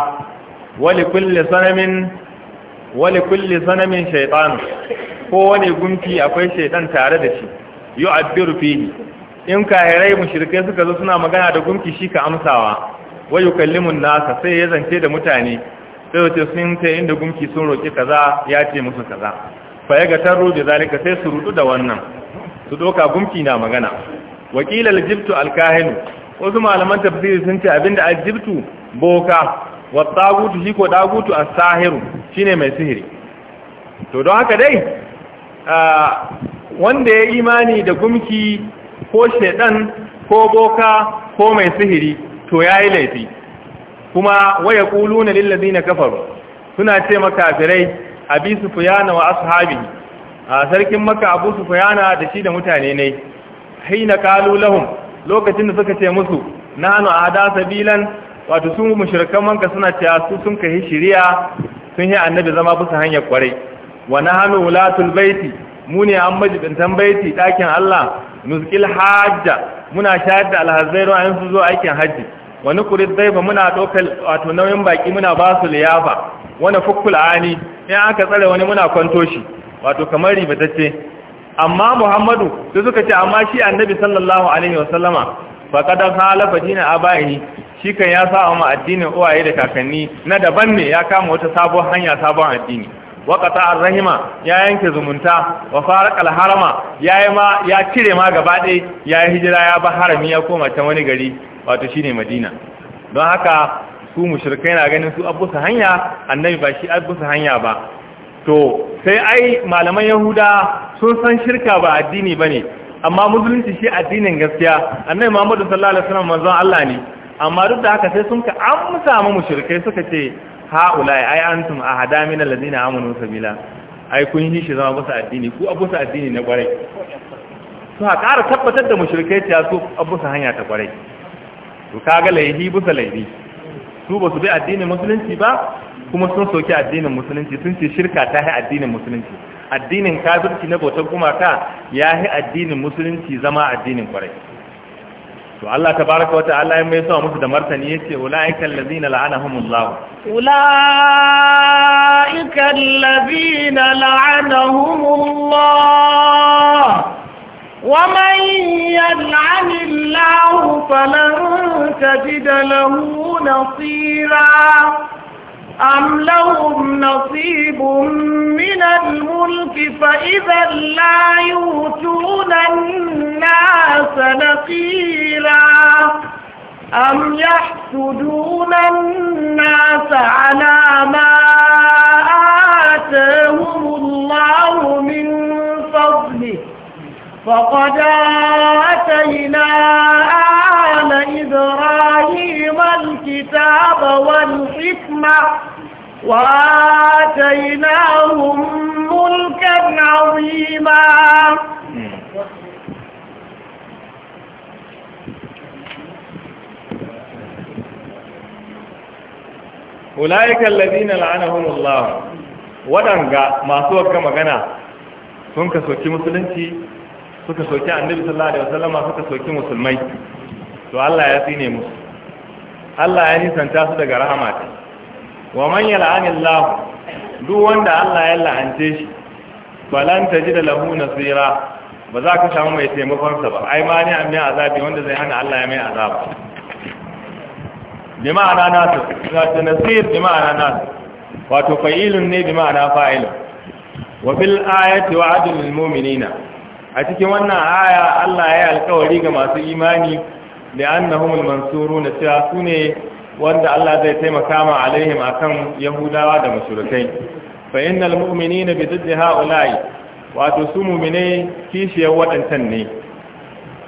wali kulli sanamin wali kulli zanamin shaytan ko wani gunki akwai shaytan tare da shi Yu abiru fihi in kahirai mushrikai suka zo suna magana da gunki shi ka amsawa wa yukallimun nasa sai ya zance da mutane sai wace sun ta inda gunki sun roki kaza ya ce musu kaza fa ya ga tarro zalika sai su rudu da wannan su doka gunki na magana wakilal jibtu alkahinu wasu malaman tafsiri sun ce abinda aljibtu boka wattagutu shi ko dagutu a sahiru shine mai sihiri to don haka dai wanda ya yi imani da gumki ko shaidan ko boka ko mai sihiri to ya yi laifi kuma waya kulu na lillazi na kafaru suna ce makafirai a su sufyana wa ashabi a sarkin maka abu su fuyana da shi da mutane ne hina kalu lahum lokacin da suka ce musu a hada sabilan wato sun mushrikan manka suna cewa su sun kai shiriya sun yi annabi zama bisa hanyar kwarai wa nahnu ulatul baiti mu ne an majibintan baiti dakin Allah nuzqil hajja muna shayar da alhazairu an su zo aikin haji wa nukurid daiba muna dokal wato nauyin baki muna ba su liyafa wani fukkul ani in aka tsare wani muna kwanto shi wato kamar ribatacce amma Muhammadu da suka ce amma shi annabi sallallahu alaihi wasallama faƙadan halafa dina abahi shi kan ya sa ma addinin uwaye da kakanni na daban ne ya kama wata sabon hanya sabon addini waƙata rahima ya yanke zumunta wa fara harama ya ma ya cire ma gaba ɗaya ya yi hijira ya ba harami ya koma ta wani gari wato shine madina don haka su mushrikai na ganin su abusa hanya annabi ba shi abusa hanya ba to sai ai malaman yahuda sun san shirka ba addini bane amma musulunci shi addinin gaskiya annabi Muhammadu sallallahu alaihi wasallam manzon Allah ne amma duk da haka sai sun ka amsa mu mushrikai suka ce ulai ai antum ahada min alladhina amanu sabila ai kun yi shi zama busa addini ku abusa addini na kwarai su ha ƙara tabbatar da mushrikai ta su abusa hanya ta kwarai to kaga laihi busa laihi su ba su bi addinin musulunci ba kuma sun soki addinin musulunci sun ce shirka ta yi addinin musulunci addinin kafirci na bautar gumaka ya yi addinin musulunci zama addinin kwarai to Allah wata Allah ya mai sa musu da martani yace ulaiikal ladina la'anahumullah ulaiikal ladina la'anahumullah ومن يلعن الله فلن تجد له نصيرا أم لهم نصيب من الملك فإذا لا يؤتون الناس نقيلا أم يحسدون الناس على ما آتاهم الله من فضله فقد آتينا آه قال إبراهيم الكتاب والحكمة وآتيناهم ملكا عظيما أولئك الذين لعنهم الله ودنغا ما سوك كما غنى سنك سوكي مسلمتي سنك سوكي النبي صلى الله عليه وسلم سنك سوكي مسلمتي to Allah ya tsine musu Allah ya nisanta su daga rahama ta wa man yal'anillahu duk wanda Allah ya la'ance shi falan tajida lahu nasira ba za ka samu mai taimakon sa ba ai ma ne an mai azabi wanda zai hana Allah ya mai azaba bi ma'ana nasu wato nasir bi ma'ana nasu wato fa'ilun ne bi ma'ana fa'ilun wa fil ayati wa'dul mu'minina a cikin wannan aya Allah ya yi alƙawari ga masu imani li'annahum al-mansuruna cewa su ne wanda Allah zai taimaka ma alaihim kan yahudawa da mushrikai fa innal na bi diddi ha'ula'i wato su mu'mine kishiyar waɗancan ne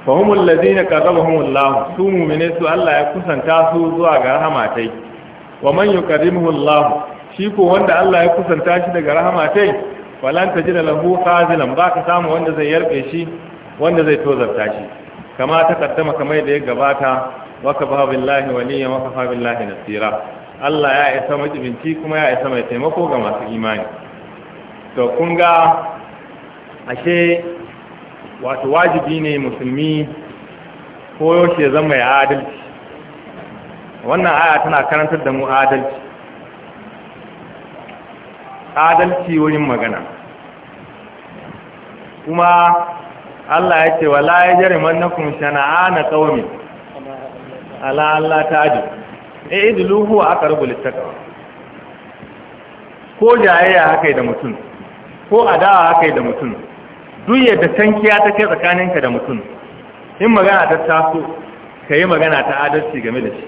fa humul ladina qarrabahum Allah su mu'mine su Allah ya kusanta su zuwa ga rahamatai wa man yukarimuhu Allah shi ko wanda Allah ya kusanta shi daga rahamatai falan tajida lahu khazilan ba ka samu wanda zai yarbe shi wanda zai tozarta shi kama ta kaddama kamar da ya gabata waka ba billahi waliyan waka ba Allah ya isa majibinci kuma ya isa mai taimako ga masu imani to kun ga ashe wato wajibi ne musulmi ko yaushe zama ya adalci wannan aya tana karantar da mu adalci adalci wurin magana kuma Allah ya ce wala ya jari mannakun shana'ana qaumi ala Allah e eh idlu a aqrabu littaqwa ko jayayya haka da mutum ko adawa haka da mutum duk yadda tankiya take tsakaninka da mutum in magana ta taso yi magana ta adalci game da shi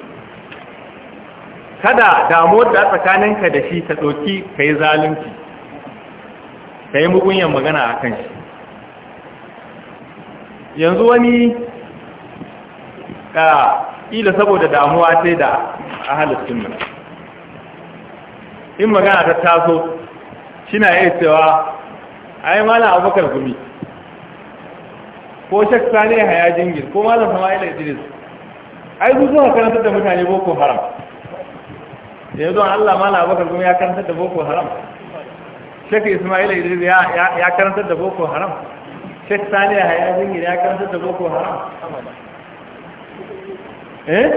kada damuwar da tsakaninka da shi ta ɗauki ka yi zalunci ka yi mugunyan magana a kan shi yanzu wani ka ila saboda damuwa sai da ahalus sunna in magana ta taso shina iya cewa ai malam abubakar gumi ko shak sani haya jingir ko malam sama'ila idris ai duk zuwa karantar da mutane boko haram yanzu an allah malam abubakar gumi ya karantar da boko haram shak isma'ila idris ya karantar da boko haram shek Saniya hayazin gida ya karanta da boko haram eh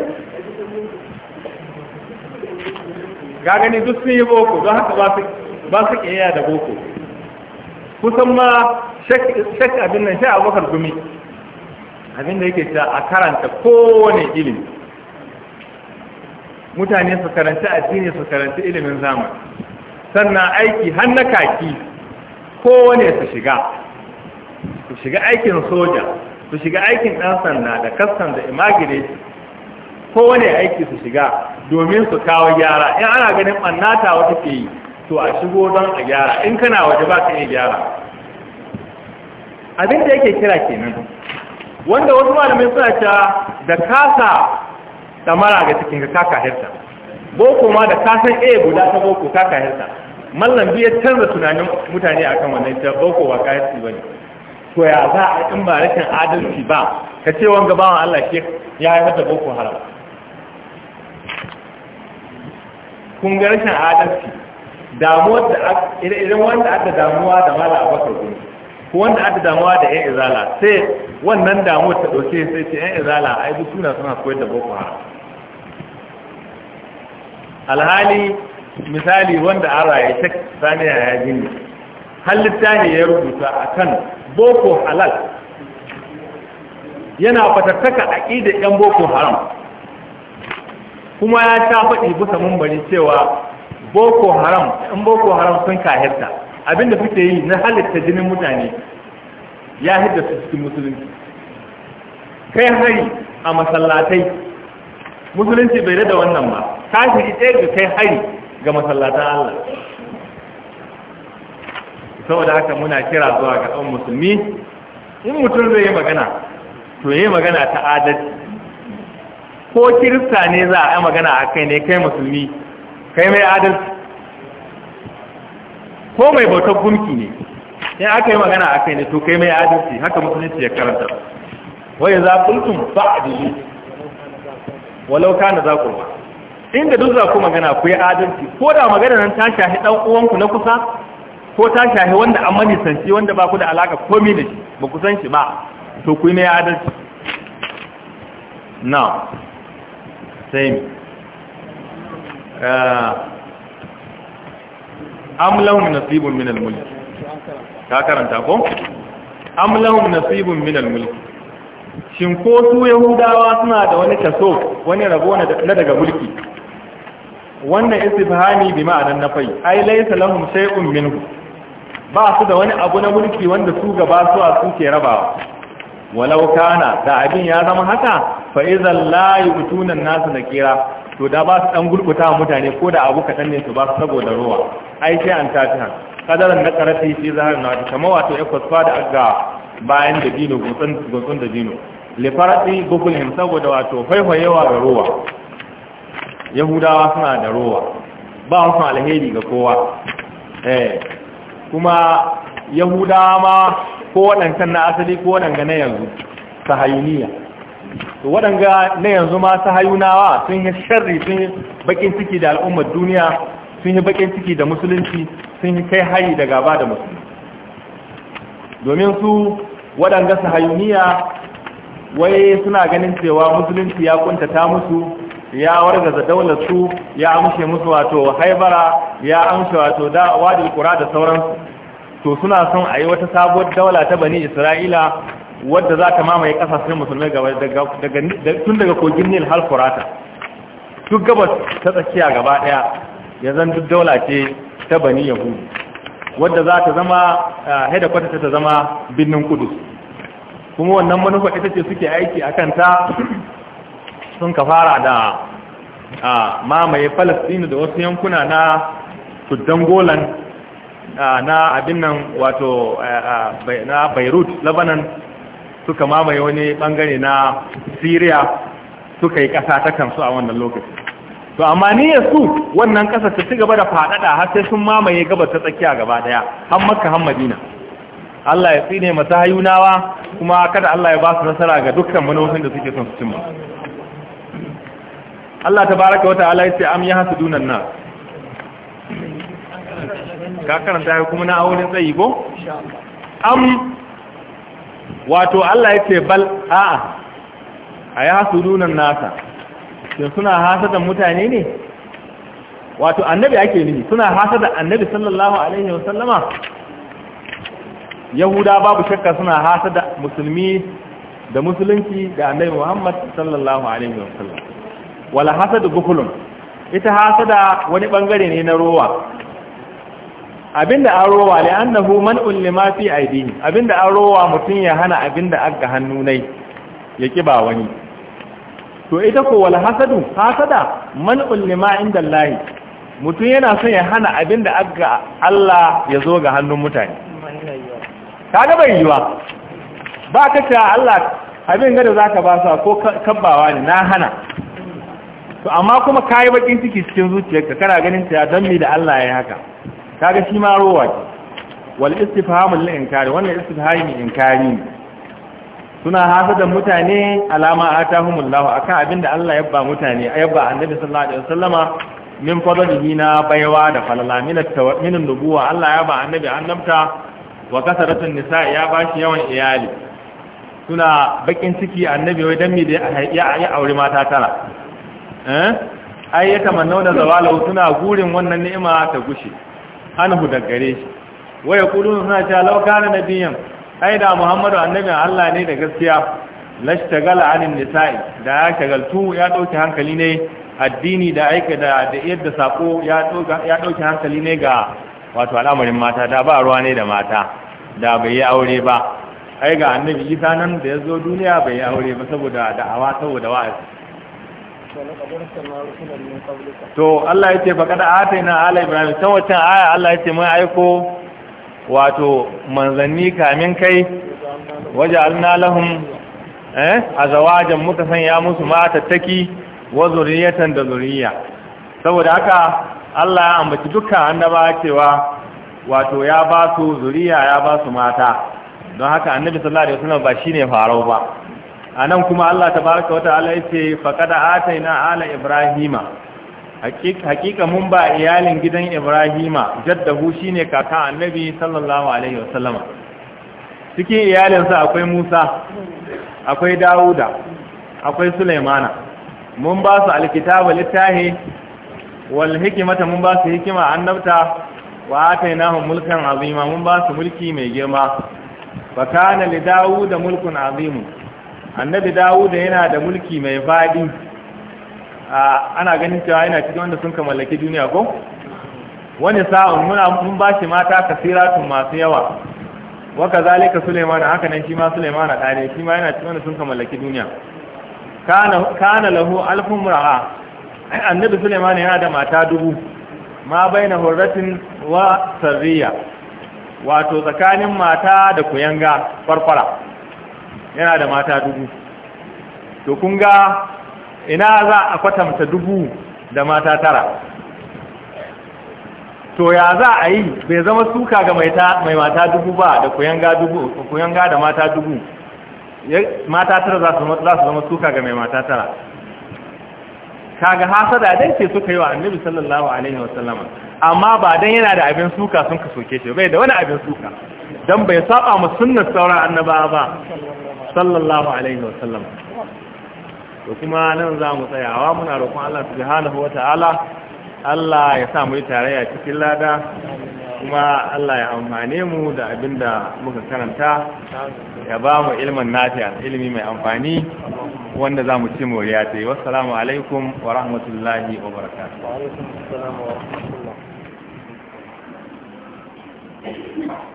ga gani duk sun yi boko don haka ba su ƙiyayya da boko kusan ma shek abin nan sha bakar gumi abin da yake sha a karanta kowane ilimi mutane su karanta addini su karanta ilimin zamani sannan aiki hannaka ki kaki kowane su shiga su shiga aikin soja su shiga aikin ɗan sanda da kaskan da imagire kowane aiki su shiga domin su kawo gyara in ana ganin ɓannata wata ke yi to a shigo don a gyara in kana waje ba ka iya gyara abin da yake kira kenan wanda wasu malamai suna cewa da kasa tamara ga cikin ka kaka hirta boko ma da kasan a guda ta boko kaka hirta mallam biya canza tunanin mutane akan wannan ta boko ba kayan hirta ba to ya za a in ba rashin adalci ba ka ce wanga bawan Allah ke ya haifar da boko haram kun ga rashin adalci damuwar da idan wanda aka damuwa da mala abakar gumi ko wanda aka damuwa da yan izala sai wannan damuwar ta ɗauke sai ce yan izala a yi suna suna koyar da boko haram alhali misali wanda an raye ta saniya ya gini halitta ne ya rubuta a kan boko halal yana fatattaka aƙidar 'yan boko haram kuma ya ta faɗi bisa mumbari cewa boko haram 'yan boko haram sun kahirta abinda suke yi na halitta jinin mutane ya hidda su cikin musulunci kai hari a masallatai musulunci bai da wannan ba kashi ɗaya ga kai hari ga masallatan Allah saboda haka muna kira zuwa ga ɗan musulmi in mutum zai yi magana to yi magana ta adalci ko kirista ne za a yi magana a kai ne kai musulmi kai mai adalci ko mai bautar gunki ne in aka yi magana a kai ne to kai mai adalci haka musulunci ya karanta wai za kultum ba a dubu walau ka na za ku ba inda duk za ku magana ku yi adalci ko da magana nan ta shahi ɗan uwanku na kusa ko ta shahi wanda an sanci wanda ba ku da alaka komi da shi ba ku san shi ba to ku yi mai adalci now same eh, am lahum nasibun min al-mulk ka karanta ko am lahum nasibun min al-mulk shin ko su yahudawa suna da wani kaso wani rabo na daga mulki wannan istifhami bi ma'anan nafai ai laysa lahum shay'un minhu ba su da wani abu na mulki wanda su gaba suwa suke rabawa walau kana da abin ya zama haka fa idan la yutuna nasu kira to da ba su dan gurkuta mutane ko da abu kadan ne su ba su saboda ruwa ai sai an ta han kadaran na karati shi zahar na ta wato ya kwasfa da aga bayan da dino gutsun gutsun da dino le farati him saboda wato faifayewa ga ruwa yahudawa suna da ruwa ba su alheri ga kowa eh kuma yahudawa ma ko waɗancan na asali ko waɗanga na yanzu sahayuniya to waɗanga na yanzu ma sahayunawa sun yi sharri sun yi bakin ciki da al'ummar duniya sun yi bakin ciki da musulunci sun yi kai hari da gaba da musulunci domin su waɗanga sahayuniya wai suna ganin cewa musulunci ya kuntata musu ya wargaza daular su ya amshe musu wato haibara ya amshe wato da wadi qura da sauransu to suna son a yi wata sabuwar daula ta bani isra'ila wadda za ta mamaye kasashen musulmai tun daga kogin nil har furata duk gabas ta tsakiya gaba daya ya zan duk daula ce ta bani yahudu wadda za ta zama haida kwata ta zama birnin kudus kuma wannan manufa ita ce suke aiki a kanta sun ka fara da mamaye palestine da wasu yankuna na Tuddangolan golan na abin nan wato na beirut lebanon suka mamaye wani bangare na syria suka yi kasa ta kansu a wannan lokaci to amma niyyar su wannan kasa su ci gaba da fadada har sai sun mamaye gaba ta tsakiya gaba daya har makka har madina Allah ya tsine mata hayunawa kuma kada Allah ya ba su nasara ga dukkan manufofin da suke son su cimma Allah ta baraka wata ala ya ce am ya dunan nas ka karanta ya kuma na auren tsayi ko? am wato Allah ya ce bal a'a a ya dunan nasa sun suna hasada mutane ne wato annabi ake nini suna hasada annabi sallallahu alaihi wa sallama yahuda babu shakka suna hasada musulmi da musulunci da annabi Muhammad sallallahu alaihi wa sallam wala hasadu bukulun ita hasada wani bangare ne na rowa abinda an rowa la annahu man'un lima fi aidihi abinda an rowa mutun ya hana abinda aka hannu nai ya kiba wani to ita ko wala hasadu hasada man'un lima inda Allah mutun yana son ya hana abinda aka Allah ya zo ga hannun mutane kaga bai yiwa ba ka ta Allah abin ga da zaka ba sa ko kabbawa ne na hana to amma kuma kayi bakin ciki cikin zuciyarka kana ganin ta dan me da Allah ya haka kaga shi ma rowa ce wal istifham lil inkari wannan istifhami inkari suna hasadan mutane alama atahumullahu akan abinda Allah ya ba mutane ya annabi sallallahu alaihi wasallama min fadlihi na baiwa da falala min min nubuwa Allah ya ba annabi annabta wa kasaratun nisa ya ba shi yawan iyali suna bakin ciki annabi wai dan me da ya aure mata tara Eh? ai ya tamannau da zawalau suna gurin wannan ni'ima ta gushe anhu da gare shi wa yaqulun suna cewa law kana nabiyyan ai da muhammadu annabi Allah ne da gaskiya lashtagala anin nisa'i da ya shagaltu ya dauki hankali ne addini da aika da da yadda sako ya dauka ya dauki hankali ne ga wato al'amarin mata da ba ruwa ne da mata da bai yi aure ba ai ga annabi isa nan da ya zo duniya bai yi aure ba saboda da'awa saboda wa'azi to Allah ya ce faƙaɗa ataina ala ibrahim ta waccan aya Allah ya ce mun aiko wato manzanni kamin kai waje alna lahum eh azawajan muka sanya musu mata taki wa zuriyatan da zuriya saboda haka Allah ya ambaci dukkan annaba cewa wato ya ba su zuriya ya ba su mata don haka annabi sallallahu alaihi wasallam ba shine farau ba anan kuma Allah tabaraka wataala yace faqad ataina ala ibrahima hakika mun ba iyalin gidan ibrahima jaddahu shine kaka annabi sallallahu alaihi wasallama cikin iyalinsa akwai musa akwai dawuda akwai sulaimana mun ba su alkitaba littahi wal hikimata mun ba su hikima annabta wa atainahum mulkan azima mun ba su mulki mai girma fa kana li dawuda mulkun azimun annabi dawuda yana da mulki mai faɗi ana ganin cewa yana cikin wanda sun kamallaki duniya ko wani sa'un muna mun ba shi mata kasiratun masu yawa wa kazalika suleiman haka nan shi ma suleiman ɗane shi ma yana cikin wanda sun kamallaki duniya kana kana lahu alfun ra'a annabi suleiman yana da mata dubu ma baina hurratin wa sarriya wato tsakanin mata da kuyanga farfara yana da mata dubu to kun ga ina za a kwatanta dubu da mata tara to ya za a yi bai zama suka ga mai mata dubu ba da kuyanga da mata dubu mata tara za su zama suka ga mai mata tara kaga hasada dai ce suka yi wa annabi sallallahu alaihi wasallam amma ba dan yana da abin suka sun ka soke shi bai da wani abin suka dan bai saba mu sunnar sauran annabawa ba sallallahu alaihi wasallam to kuma nan za mu tsayawa muna roƙon Allah subhanahu ta'ala. Allah ya sa mu yi tarayya cikin lada kuma Allah ya amfane mu da abin da muka karanta ya ba mu ilmin nafiya ilimi mai amfani wanda za mu ci moriya ta yi wassalamu alaikum wa rahmatullahi wa barakatuh